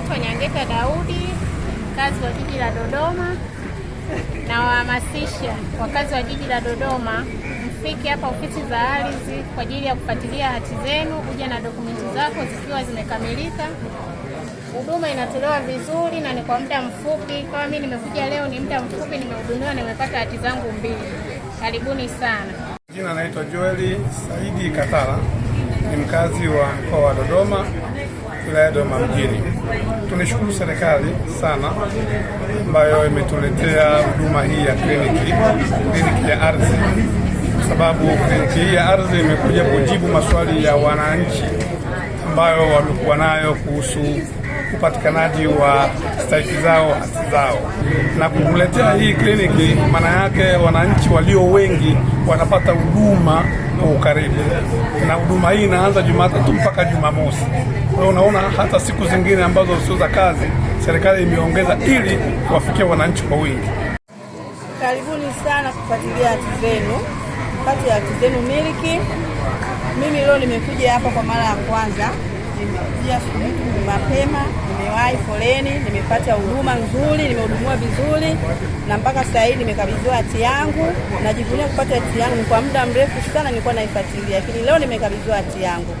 Naitwa Nyangeta Daudi, mkazi wa jiji la Dodoma. Nawahamasisha wakazi wa jiji la Dodoma mfike hapa ofisi za ardhi kwa ajili ya kufuatilia hati zenu, uje na dokumenti zako zikiwa zimekamilika. Huduma inatolewa vizuri na ni kwa muda mfupi. Kama mimi nimekuja leo, ni muda mfupi nimehudumiwa, nimepata hati zangu mbili. Karibuni sana. Jina naitwa Joeli Saidi Katala, ni mkazi wa mkoa wa Dodoma wilaya ya Dodoma mjini. Tunashukuru serikali sana ambayo imetuletea huduma hii ya kliniki, kliniki ya ardhi, kwa sababu kliniki hii ya ardhi imekuja kujibu maswali ya wananchi ambayo walikuwa nayo kuhusu upatikanaji wa stahiki zao haki zao. Na kukuletea hii kliniki, maana yake wananchi walio wengi wanapata huduma kwa ukaribu, na huduma hii inaanza Jumatatu mpaka Jumamosi. Kwa unaona hata siku zingine ambazo sio za kazi, serikali imeongeza ili kuwafikia wananchi kwa wingi. Karibuni sana kufuatilia hati zenu kati ya hati zenu miliki. Mimi leo nimekuja hapa kwa mara ya kwanza nimekuja asubuhi mapema, nimewahi foleni, nimepata huduma nzuri, nimehudumiwa vizuri, na mpaka sasa hivi nimekabidhiwa hati yangu. Najivunia kupata hati yangu, kwa muda mrefu sana nilikuwa naifuatilia, lakini leo nimekabidhiwa hati yangu.